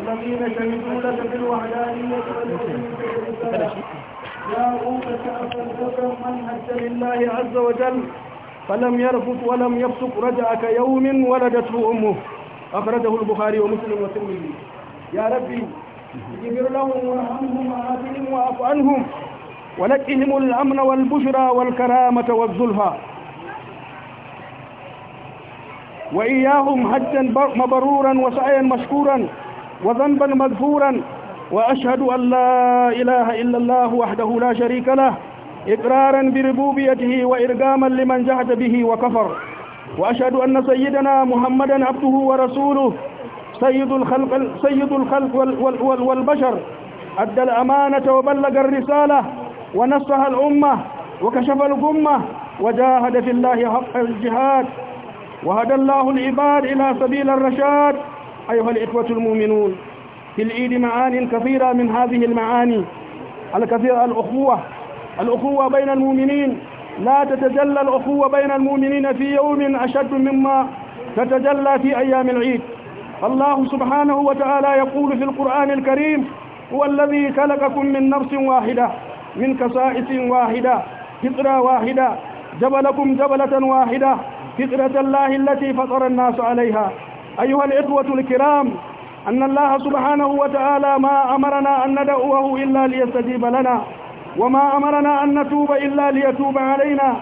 الذين شهدوا لك بالوحدانية والعلم جاءوك من منهج لله عز وجل فلم يرفض ولم يفسق رجعك يوم ولدته أمه أخرجه البخاري ومسلم وسلم يا ربي اغفر لهم وارحمهم وعافهم واعف عنهم ولكهم الأمن والبشرى والكرامة والزلفى وإياهم حجا مبرورا وسعيا مشكورا وذنبا مغفورا وأشهد أن لا إله إلا الله وحده لا شريك له إقرارا بربوبيته وإرقاما لمن جهد به وكفر وأشهد أن سيدنا محمدا عبده ورسوله سيد الخلق, سيد الخلق والبشر أدى الأمانة وبلغ الرسالة ونصح الأمة وكشف الغمة وجاهد في الله حق الجهاد وهدى الله العباد إلى سبيل الرشاد أيها الإخوة المؤمنون في العيد معان كثيرة من هذه المعاني الكثيرة الأخوة الأخوة بين المؤمنين لا تتجلى الأخوة بين المؤمنين في يوم أشد مما تتجلى في أيام العيد الله سبحانه وتعالى يقول في القرآن الكريم هو الذي خلقكم من نفس واحدة من كسائس واحدة فطرة واحدة جبلكم جبلة واحدة فطرة الله التي فطر الناس عليها أيها الإخوة الكرام أن الله سبحانه وتعالى ما أمرنا أن ندعوه إلا ليستجيب لنا وما أمرنا أن نتوب إلا ليتوب علينا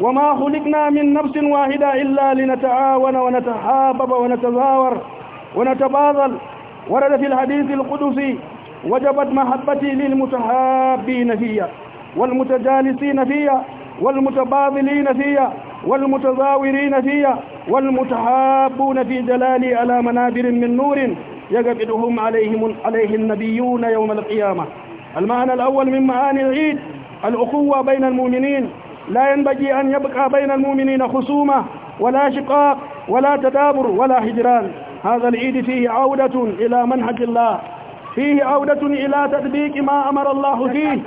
وما خلقنا من نفس واحدة إلا لنتعاون ونتحابب ونتزاور ونتباضل ورد في الحديث القدسي وجبت محبتي للمتحابين فيا والمتجالسين فيا والمتباضلين فيا والمتزاورين فيا والمتحابون في جلالي على منابر من نور يقبضهم عليهم عليه النبيون يوم القيامة المعنى الأول من معاني العيد الأخوة بين المؤمنين لا ينبغي أن يبقى بين المؤمنين خصومة ولا شقاق ولا تدابر ولا هجران هذا العيد فيه عودة إلى منهج الله فيه عودة إلى تدبيك ما أمر الله فيه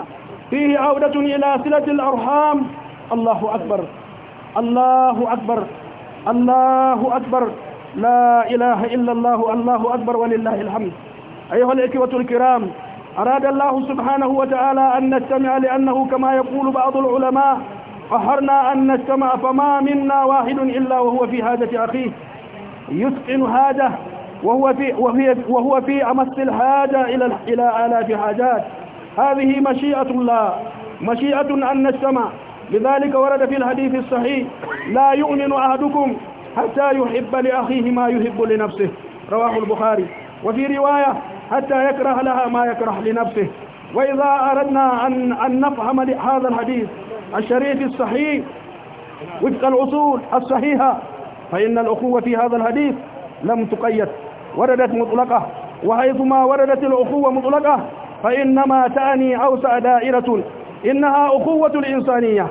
فيه عودة إلى صلة الأرحام الله أكبر الله أكبر الله أكبر لا إله إلا الله الله أكبر ولله الحمد أيها الإخوة الكرام أراد الله سبحانه وتعالى أن نستمع لأنه كما يقول بعض العلماء قهرنا أن نستمع فما منا واحد إلا وهو في هادة أخيه يتقن هذا وهو في وهي وهو في أمس الحاجة إلى إلى آلاف حاجات هذه مشيئة الله مشيئة أن نستمع لذلك ورد في الحديث الصحيح لا يؤمن أحدكم حتى يحب لأخيه ما يحب لنفسه رواه البخاري وفي رواية حتى يكره لها ما يكره لنفسه وإذا أردنا أن, أن نفهم هذا الحديث الشريف الصحيح وفق الأصول الصحيحة فإن الأخوة في هذا الحديث لم تقيد وردت مطلقة وحيثما وردت الأخوة مطلقة فإنما تأني أوسع دائرة إنها أخوة الإنسانية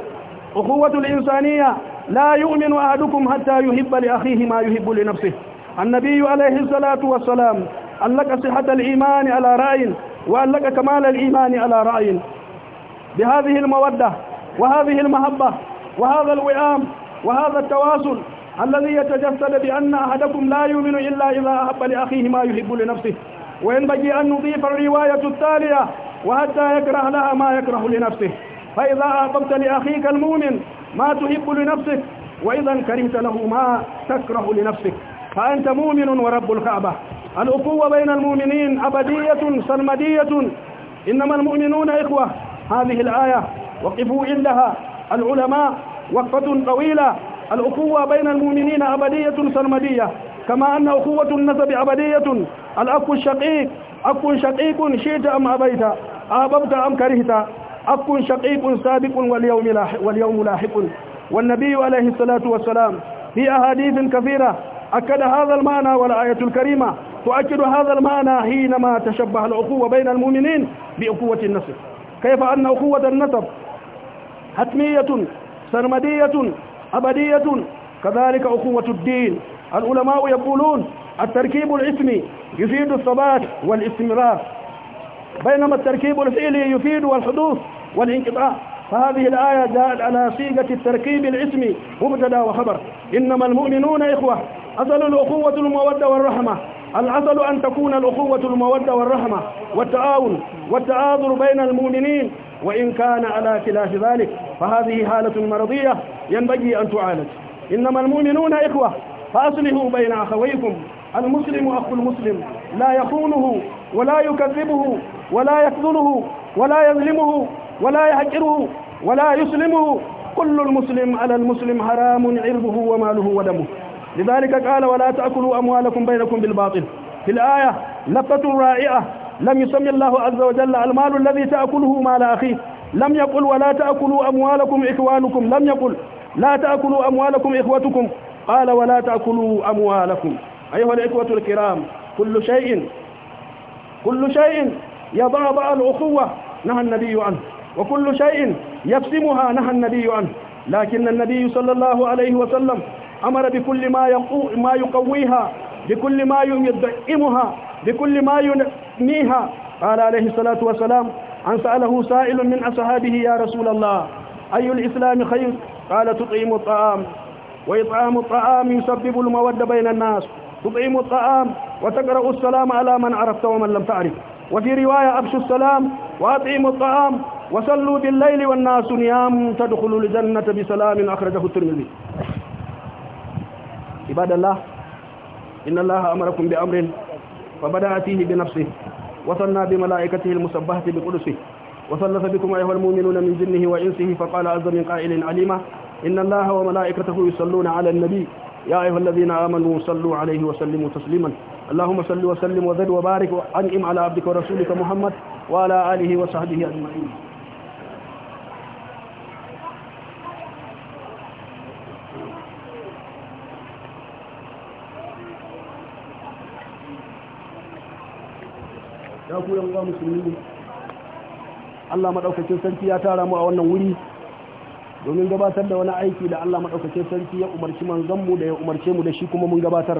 أخوة الإنسانية لا يؤمن أحدكم حتى يحب لأخيه ما يحب لنفسه النبي عليه الصلاة والسلام أن لك صحة الإيمان على رأي وأن لك كمال الإيمان على رأي بهذه المودة وهذه المحبة وهذا الوئام وهذا التواصل الذي يتجسد بأن أحدكم لا يؤمن إلا إذا أحب لأخيه ما يحب لنفسه وينبغي أن نضيف الرواية التالية وحتى يكره لها ما يكره لنفسه فإذا أعطبت لأخيك المؤمن ما تحب لنفسك وإذا كرمت له ما تكره لنفسك فأنت مؤمن ورب الكعبة الأخوة بين المؤمنين أبدية سرمدية إنما المؤمنون إخوة هذه الآية وقفوا عندها العلماء وقفة طويلة الأخوة بين المؤمنين أبدية سرمدية كما أن أخوة النسب أبدية الأخ الشقيق أخ شقيق شئت أم أبيت اببت أم كرهت أفك شقيق سابق واليوم لاحق, واليوم لاحق والنبي عليه الصلاة والسلام في أحاديث كثيرة أكد هذا المعنى والآية الكريمة تؤكد هذا المعنى حينما تشبه الأخوة بين المؤمنين بأخوة النسب كيف أن أخوة النسب حتمية سرمدية أبدية كذلك أخوة الدين العلماء يقولون التركيب الاسمي يفيد الثبات والاستمرار بينما التركيب الفعلي يفيد الحدوث والانقطاع فهذه الآية دال على صيغة التركيب الاسمي مبتدا وخبر إنما المؤمنون إخوة أصل الأخوة المودة والرحمة الأصل أن تكون الأخوة المودة والرحمة والتعاون والتعاذر بين المؤمنين وإن كان على خلاف ذلك فهذه حالة مرضية ينبغي أن تعالج إنما المؤمنون إخوة فأصلحوا بين أخويكم المسلم أخو المسلم لا يخونه ولا يكذبه ولا يخذله ولا يظلمه ولا يهجره ولا يسلمه كل المسلم على المسلم حرام علمه وماله ودمه لذلك قال ولا تأكلوا أموالكم بينكم بالباطل في الآية لفة رائعة لم يسمي الله عز وجل المال الذي تأكله مال أخيه لم يقل ولا تأكلوا أموالكم إخوانكم لم يقل لا تأكلوا أموالكم إخوتكم قال ولا تأكلوا أموالكم أيها الإخوة الكرام كل شيء كل شيء يضعضع الأخوة نهى النبي عنه وكل شيء يقسمها نهى النبي عنه لكن النبي صلى الله عليه وسلم أمر بكل ما ما يقويها بكل ما يدعمها بكل ما ينميها قال عليه الصلاة والسلام عن سأله سائل من أصحابه يا رسول الله أي الإسلام خير قال تطعيم الطعام وإطعام الطعام يسبب المودة بين الناس تطعيم الطعام وتقرأ السلام على من عرفت ومن لم تعرف وفي رواية أبشوا السلام وأطعموا الطعام وصلوا بالليل والناس نيام تدخلوا الجنة بسلام أخرجه الترمذي عباد الله إن الله أمركم بأمر فبدأ فيه بنفسه وصلنا بملائكته المسبحة بقدسه وثلث بكم أيها المؤمنون من جنه وإنسه فقال عز من قائل عليما إن الله وملائكته يصلون على النبي يا أيها الذين آمنوا صلوا عليه وسلموا تسليما اللهم صل وسلم وزد وبارك وانعم على عبدك ورسولك محمد وعلى اله وصحبه اجمعين ya ku yan musulmi Allah madaukakin sarki ya tara mu a wannan wuri domin gabatar da wani aiki da Allah madaukakin sarki ya umarci manzon mu da ya umarce mu da shi kuma mun gabatar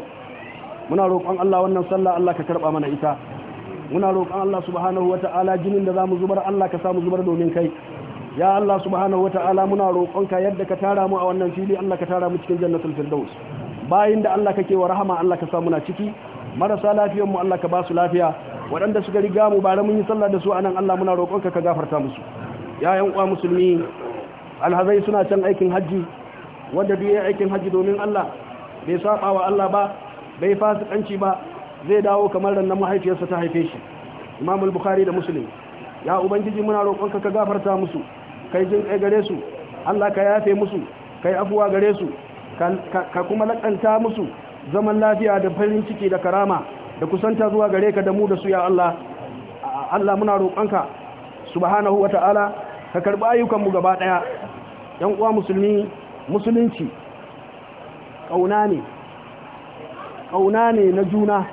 muna roƙon Allah wannan sallah Allah ka karɓa mana ita muna roƙon Allah subhanahu ta'ala, jinin da zamu zubar Allah ka samu zubar domin kai ya Allah subhanahu ta'ala, muna roƙonka yadda ka tara mu a wannan fili Allah ka tara mu cikin jannatul firdaus bayin da Allah kake wa rahama Allah ka samu na ciki marasa lafiyar mu Allah ka ba su lafiya waɗanda suka riga mu bare mun yi sallah da su anan Allah muna roƙonka ka gafarta musu ya yan uwa musulmi alhazai suna can aikin hajji, wanda duk aikin hajji domin Allah bai saba wa Allah ba bai fasikanci ba zai dawo kamar rannan mahaifiyarsa ta haife shi imam al-bukhari da muslim ya ubangiji muna roƙonka ka gafarta musu kai jin kai gare su Allah ka yafe musu kai afuwa gare su ka kuma lakanta musu zaman lafiya da farin ciki da karama da kusanta zuwa gare ka da mu da su ya Allah Allah muna roƙonka subhanahu ta'ala ka karɓi ayyukan mu gaba ɗaya yan uwa musulmi musulunci ƙauna ne Kauna ne na juna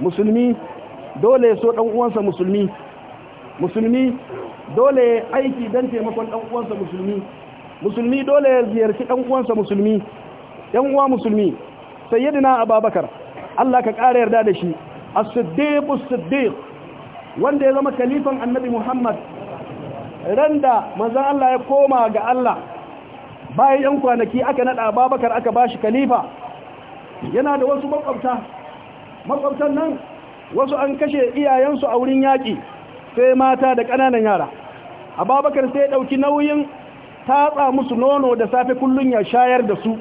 musulmi dole ya so ɗan uwansa musulmi musulmi dole ya aiki don taimakon ɗan uwansa musulmi musulmi dole ya ziyarci ɗan uwansa musulmi ɗan uwa musulmi sayyidina ababakar Allah ka ƙara yarda da shi as-siddiq siddiq wanda ya zama kalifan annabi Muhammad randa manzon Allah ya koma ga Allah bayan yan kwanaki aka nada Ababakar aka bashi kalifa yana da wasu makwabta makwabtan nan wasu an kashe iyayensu a wurin yaƙi sai mata da ƙananan yara ababakar sai ɗauki nauyin tatsa musu nono da safe kullum ya shayar da su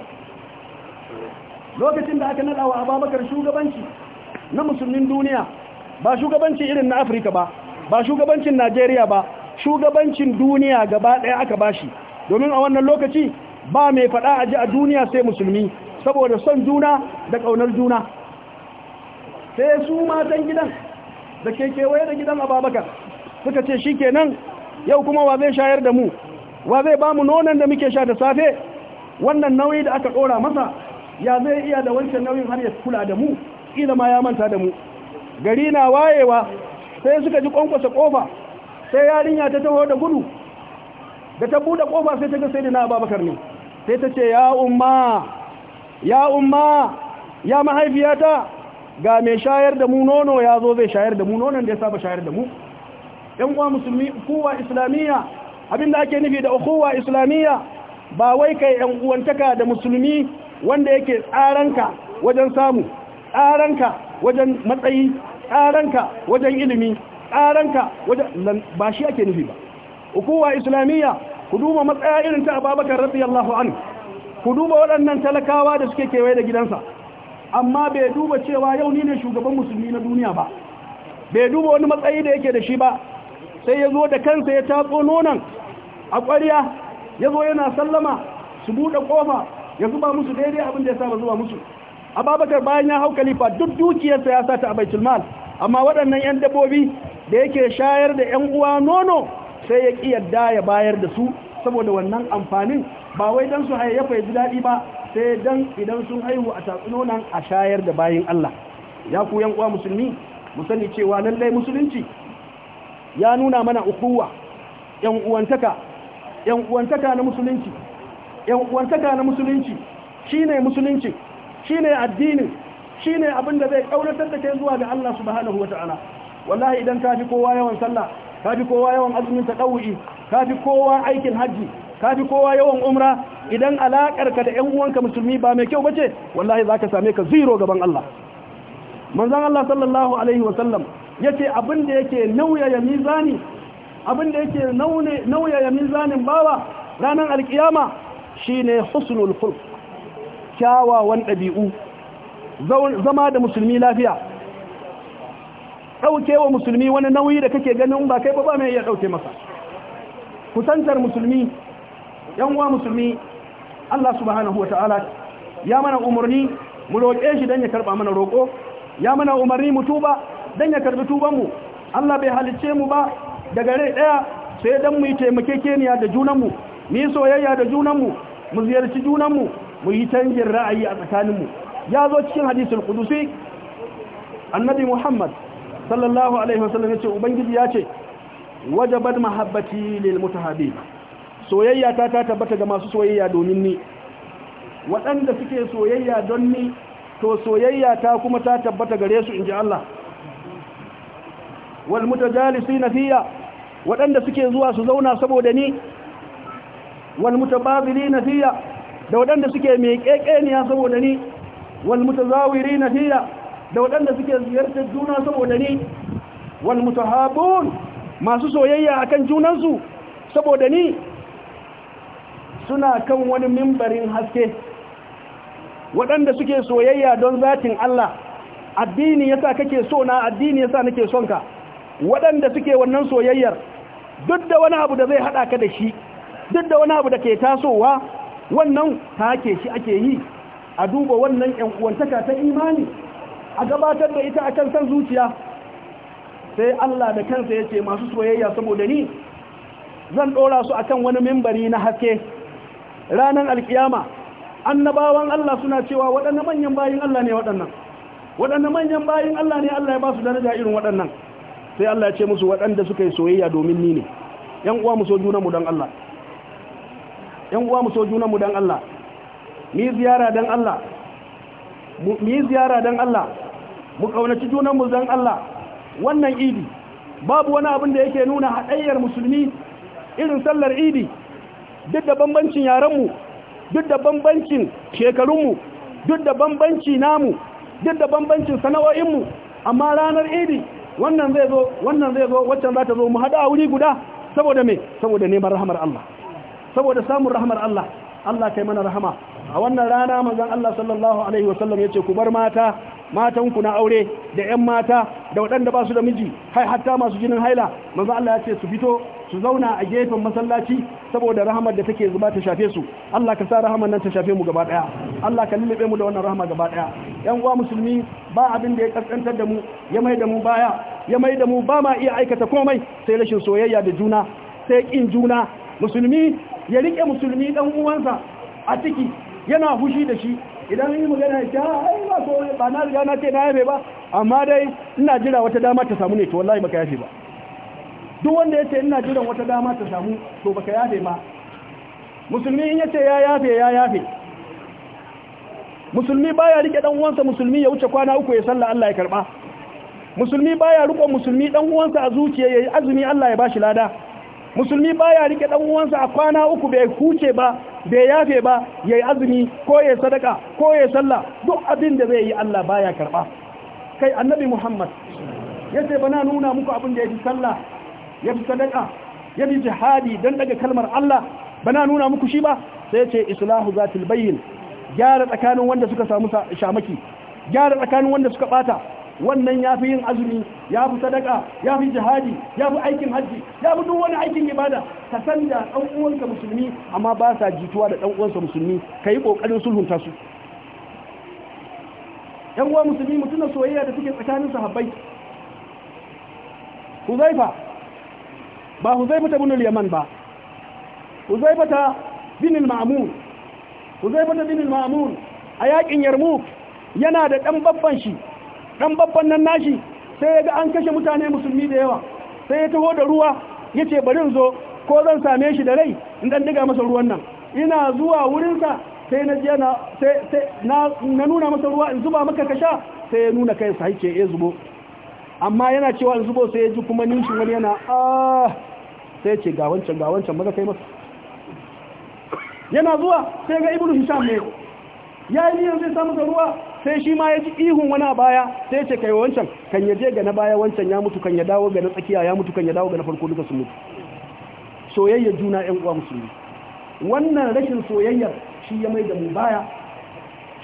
lokacin da aka naɗawa a ababakar shugabanci na musulmin duniya ba shugabanci irin na afirka ba ba shugabancin najeriya ba shugabancin duniya gaba ɗaya aka bashi domin a wannan lokaci ba mai faɗa a ji a duniya sai musulmi saboda son juna da ƙaunar juna sai su matan gidan da ke kewaye da gidan ababakar suka ce shi kenan yau kuma wa zai shayar da mu wa zai ba mu nonon da muke sha da safe wannan nauyi da aka ɗora masa ya zai iya da wancan nauyin har ya kula da mu ila ma ya manta da mu gari na wayewa sai suka ji kwankwasa ƙofa sai yarinya ta taho da gudu da ta buɗe ƙofa sai ta ga sai da na ababakar ne sai ta ce ya umma ya umma ya mahaifiyata ga mai shayar da mu nono ya zo zai shayar da mu nonon da ya saba shayar da mu ɗan kuwa musulmi kuwa islamiyya abinda ake nufi da kuwa islamiyya ba wai kai ɗan uwantaka da musulmi wanda yake tsaranka wajen samu tsaranka wajen matsayi tsaranka wajen ilimi tsaranka wajen ba shi ake nufi ba kuwa islamiyya ku duba matsaya irin ta ababakar radiyallahu anhu ku duba waɗannan talakawa da suke kewaye da gidansa amma bai duba cewa yau ni ne shugaban musulmi na duniya ba bai duba wani matsayi da yake da shi ba sai ya zo da kansa ya tatso nonon a ƙwariya ya zo yana sallama su buɗe ƙofa ya zuba musu daidai abin da ya saba zuba musu ababakar bayan ya hau kalifa duk dukiyarsa ya ta a baitul mal amma waɗannan 'yan dabbobi da yake shayar da 'yan uwa nono sai ya ƙi yadda ya bayar da su saboda wannan amfanin ba wai dan su hayayyafa ya ji daɗi ba sai dan idan sun haihu a nan a shayar da bayin Allah ya ku yan uwa musulmi mu cewa lallai musulunci ya nuna mana ukuwa yan uwantaka yan uwantaka na musulunci yan uwantaka na musulunci shine musulunci shine addinin shine abin da zai kaunatar da kai zuwa ga Allah subhanahu wataala wallahi idan ka fi kowa yawan sallah kafi kowa yawan azumin tatawu'i kafi kowa aikin haji kafi kowa yawan umra idan alaƙarka da ƴan uwanka musulmi ba mai kyau bace wallahi zaka same ka zero gaban Allah manzon Allah sallallahu alaihi wa sallam yace abinda yake ya mizani abin yake nauya mizanin bawa ranar alkiyama shine husnul kyawawan ɗabi'u zama da musulmi lafiya ɗauke wa musulmi wani nauyi da kake ganin ba kai ba mai ya ɗauke masa kusantar musulmi yan uwa musulmi Allah subhanahu wa ta'ala ya mana umarni mu roƙe shi dan ya karɓa mana roƙo ya mana umarni mu tuba dan ya karɓi tuban mu Allah bai halicce mu ba daga rai ɗaya sai dan mu yi taimakekeniya da junanmu mu yi soyayya da junanmu mu ziyarci junan mu yi canjin ra'ayi a tsakanin mu ya zo cikin hadisul qudusi annabi Muhammad sallallahu alaihi wasallam ce, ubangiji ce, wajabat mahabbati lil mutahabbin soyayya ta ta tabbata ga masu soyayya domin ni waɗanda suke soyayya don ni to soyayya ta kuma ta tabbata gare su inji Allah wal mutajalisina fiya waɗanda suke zuwa su zauna saboda ni wal mutabadilina fiya da waɗanda suke meƙeƙeniya saboda ni wal mutazawirina fiya da waɗanda suke ziyartar juna saboda ni wal mutahabun masu soyayya akan junansu saboda ni suna kan wani mimbarin haske waɗanda suke soyayya don zatin Allah addini yasa kake so na addini yasa nake son ka waɗanda suke wannan soyayyar duk da wani abu da zai haɗa ka da shi duk da wani abu da ke tasowa wannan take shi ake yi a duba wannan 'yan uwantaka ta imani a gabatar da ita akan san zuciya sai Allah da kansa ya ce masu soyayya saboda ni zan ɗora su a kan wani mimbari na haske ranar alkiyama annabawan Allah suna cewa waɗanda manyan bayin Allah ne waɗannan waɗanda manyan bayin Allah ne Allah ya ba su daraja irin waɗannan sai Allah ya ce musu waɗanda suka yi soyayya domin ni ne yan uwa mu so junanmu dan Allah uwa mu so junanmu dan Allah mu yi ziyara don Allah mu yi ziyara dan Allah mu kaunaci junanmu zan Allah wannan idi babu wani abin da yake nuna haɗayyar musulmi irin sallar idi duk da bambancin yarenmu duk da bambancin shekarunmu duk da bambanci namu duk da bambancin sana'o'inmu amma ranar idi wannan zai zo wannan zai zo waccan za ta zo mu haɗu a wuri guda saboda me saboda neman rahamar Allah saboda samun rahamar Allah Allah kai mana rahama a wannan rana manzon Allah sallallahu alaihi wasallam yace ku bar mata matanku na aure da 'yan mata da waɗanda ba su da miji hai hatta masu jinin haila manzo Allah ya ce su fito su zauna a gefen masallaci saboda rahamar da take zuba ta shafe su Allah ka sa rahamar nan ta shafe mu gaba daya Allah ka lullube mu da wannan rahama gaba daya Ƴan uwa musulmi ba abin da ya kaskantar da mu ya mai da mu baya ya mai da mu ba ma iya aikata komai sai rashin soyayya da juna sai kin juna musulmi ya rike musulmi dan uwansa a ciki yana fushi da shi idan yi magana ya shara ah, ai ba so ba na riga na ce na yabe ba amma dai ina jira wata dama ta samu ne to wallahi baka yafe ba duk wanda ya ce ina jiran wata dama ta samu to baka yafe ba musulmi in ya ce ya yafe ya yafe musulmi baya rike dan uwansa musulmi ya wuce kwana uku ya sallah Allah ya karba musulmi baya riko musulmi dan uwansa a zuciya yayi azumi Allah ya bashi lada musulmi baya rike dan uwansa a kwana uku bai huce ba bai yafe ba ya yi azumi ko ya sadaka ko ya sallah duk abin da zai yi Allah baya karba kai annabi Muhammad ya ce bana nuna muku abin da ya fi sallah ya fi sadaka ya fi jihadi don daga kalmar Allah bana nuna muku shi ba sai ce islahu zatil bayyin gyara tsakanin wanda suka samu shamaki gyara tsakanin wanda suka bata wannan ya fi yin azumi ya fi sadaka ya fi jihadi ya fi aikin hajji ya fi duk wani aikin ibada ka san da ɗan uwanka musulmi amma ba sa jituwa da ɗan uwansa musulmi ka yi ƙoƙarin sulhunta su yan uwa musulmi mutuna soyayya da suke tsakanin sahabbai huzaifa ba huzaifa ta bin yaman ba huzaifa ta bin mamun huzaifa ta bin mamun a yaƙin yarmu yana da ɗan babban shi dan babban nan nashi sai ya ga an kashe mutane musulmi da yawa sai ya taho da ruwa ya ce bari zo ko zan same shi da rai in dan diga masa ruwan nan ina zuwa wurinsa sai na jiya na na nuna masa ruwa in zuba maka kasha sai ya nuna kai sai ke ya zubo amma yana cewa in zubo sai ya ji kuma nishin wani yana ah sai ce ga wancan ga wancan maza kai masa yana zuwa sai ga ibnu hisham ne ya yi yanzu samun samu ruwa sai shi ma ya ji ihun wani a baya sai ya ce kai wancan kan ya je ga na baya wancan ya mutu kan ya dawo ga na tsakiya ya mutu kan ya dawo ga na farko duka su mutu soyayya juna yan uwa musulmi wannan rashin soyayyar shi ya mai da mu baya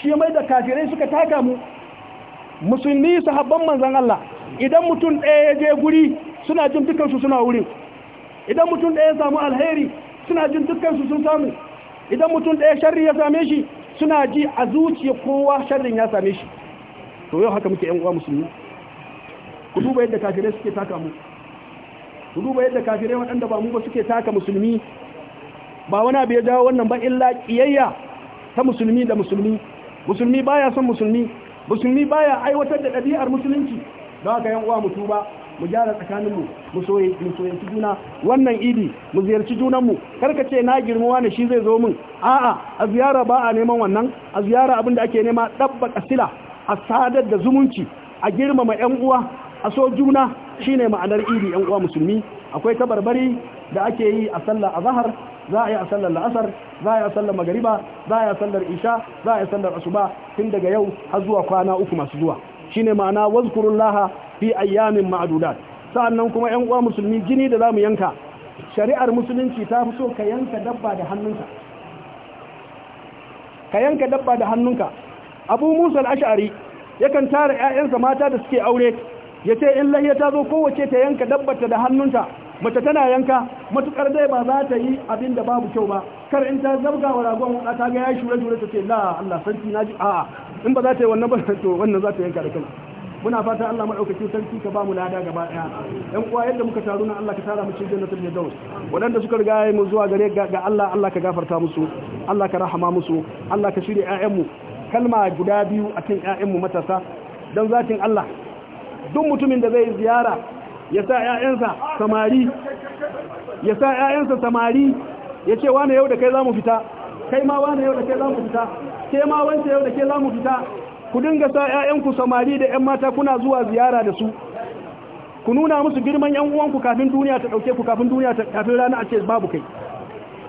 shi ya mai da kafirai suka taka mu musulmi sahabban manzon Allah idan mutum ɗaya ya je guri suna jin su suna wurin idan mutum ɗaya ya samu alheri suna jin su sun samu idan mutum ɗaya sharri ya same shi suna ji a zuciya kowa sharrin ya same shi to yau haka muke yan uwa musulmi ku duba yadda kafirai suke taka mu ku duba yadda kafirai waɗanda ba mu ba suke taka musulmi ba wani abu ya jawo wannan ba illa kiyayya ta musulmi da musulmi musulmi baya son musulmi musulmi baya aiwatar da ɗabi'ar musulunci don haka yan uwa mutu ba mu gyara tsakanin mu soyanci juna wannan idi mu ziyarci junanmu karka ce na girmuwa ne shi zai zo min a'a a ziyara ba a neman wannan a ziyara abin da ake nema dabba kasila a sadar da zumunci a girmama 'yan uwa a so juna shine ma'anar idi 'yan uwa musulmi akwai tabarbari da ake yi a sallar azahar za a yi a sallar la'asar za a yi a sallar magariba za a yi a sallar isha za a yi a sallar asuba tun daga yau har zuwa kwana uku masu zuwa shine ma'ana wazkurullaha fi ayyamin ma'dudat sa'annan kuma ƴan uwa musulmi jini da zamu yanka shari'ar musulunci ta fi so ka yanka dabba da hannunka ka yanka dabba da hannunka abu musa al-ash'ari yakan tara ƴaƴansa mata da suke aure yace in lahiya ta zo kowace ta yanka dabbarta da hannunta mace tana yanka matukar dai ba za ta yi abin da babu kyau ba kar in ta zabga wa ragon ta ga ya shure shure ta ce la Allah sarki naji a'a in ba za ta yi wannan ba to wannan za ta yanka da kai muna fata Allah madaukaki sarki ka ba mu lada gaba daya yan uwa yadda muka taru na Allah ka tara mu cikin jannatul firdaus wadanda suka riga mu zuwa gare ga Allah Allah ka gafarta musu Allah ka rahama musu Allah ka shirya ƴaƴan mu kalma guda biyu akan ƴaƴan mu matasa dan zatin Allah duk mutumin da zai ziyara ya sa ƴaƴansa samari ya sa ƴaƴansa samari ya wani yau da kai zamu fita kai ma wane yau da ke za mu fita ke ma wance yau da ke za mu fita ku dinga sa 'ya'yanku samari da 'yan mata kuna zuwa ziyara da su ku nuna musu girman 'yan uwanku kafin duniya ta ɗauke ku kafin duniya ta kafin rana a ce babu kai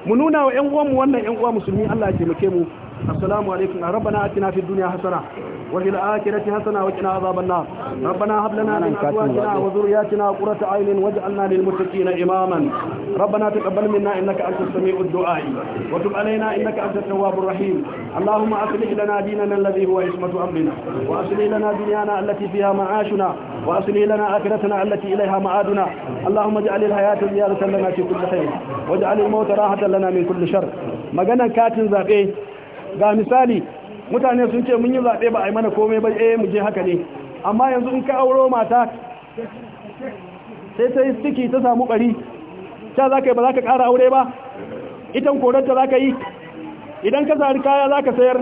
mu nuna wa 'yan uwanmu wannan 'yan uwa musulmi Allah ya taimake mu السلام عليكم ربنا اتنا في الدنيا حسنه وفي الاخره حسنه وقنا عذاب النار ربنا هب لنا من ازواجنا وذرياتنا قرة عين واجعلنا للمتقين اماما ربنا تقبل منا انك انت السميع الدعاء وتب علينا انك انت التواب الرحيم اللهم اصلح لنا ديننا الذي هو عصمه امرنا واصلح لنا دنيانا التي فيها معاشنا واصلح لنا اخرتنا التي اليها معادنا اللهم اجعل الحياه زياده لنا في كل خير واجعل الموت راحه لنا من كل شر maganan katin zaɓe ga misali mutane sun ce mun yi zaɓe ba a yi mana komai ba eh mu je haka ne amma yanzu in ka auro mata sai ta yi ta samu ɓari ta za ka yi ba za ka ƙara aure ba itan koranta za ka yi idan ka zari kaya za ka sayar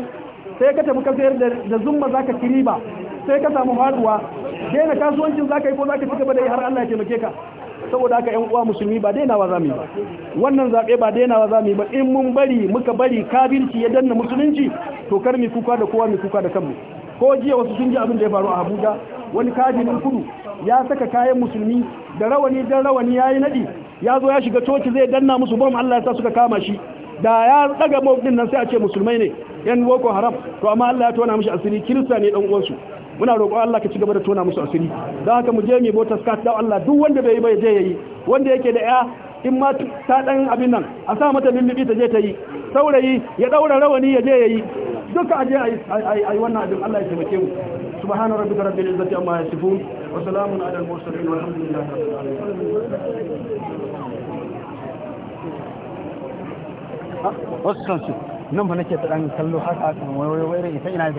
sai ka tafi ka sayar da zumba za ka kiri ba sai ka samu haɗuwa daina kasuwancin za ka yi ko za ka fi gaba da yi har Allah ya taimake ka saboda haka yan uwa musulmi ba daina wa mu ba wannan zaɓe ba daina wa mu ba in mun bari muka bari kabilci ya danna musulunci to kar mu kuka da kowa mu kuka da kanmu ko jiya wasu sun ji abin da ya faru a Abuja wani kajinin kudu ya saka kayan musulmi da rawani dan rawani yayi nadi ya zo ya shiga coci zai danna musu bom Allah ya sa suka kama shi da ya daga ɗin nan sai a ce musulmai ne yan boko haram to amma Allah ya tona mishi asiri kirista ne dan uwansu muna roƙon Allah ka ci gaba da tona musu asiri don haka mu je mu bota skat da Allah duk wanda bai yi bai je yayi wanda yake da ya in ma ta dan abin nan a sa mata lullubi ta je ta yi saurayi ya daura rawani ya je yayi duka a je ayi wannan abin Allah ya taimake mu subhana rabbika rabbil izzati amma yasifun wa salamun ala al mursalin walhamdulillahi rabbil alamin nan ba nake ta dan kallo har a kan wai wai wai ita ina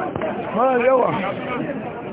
da kake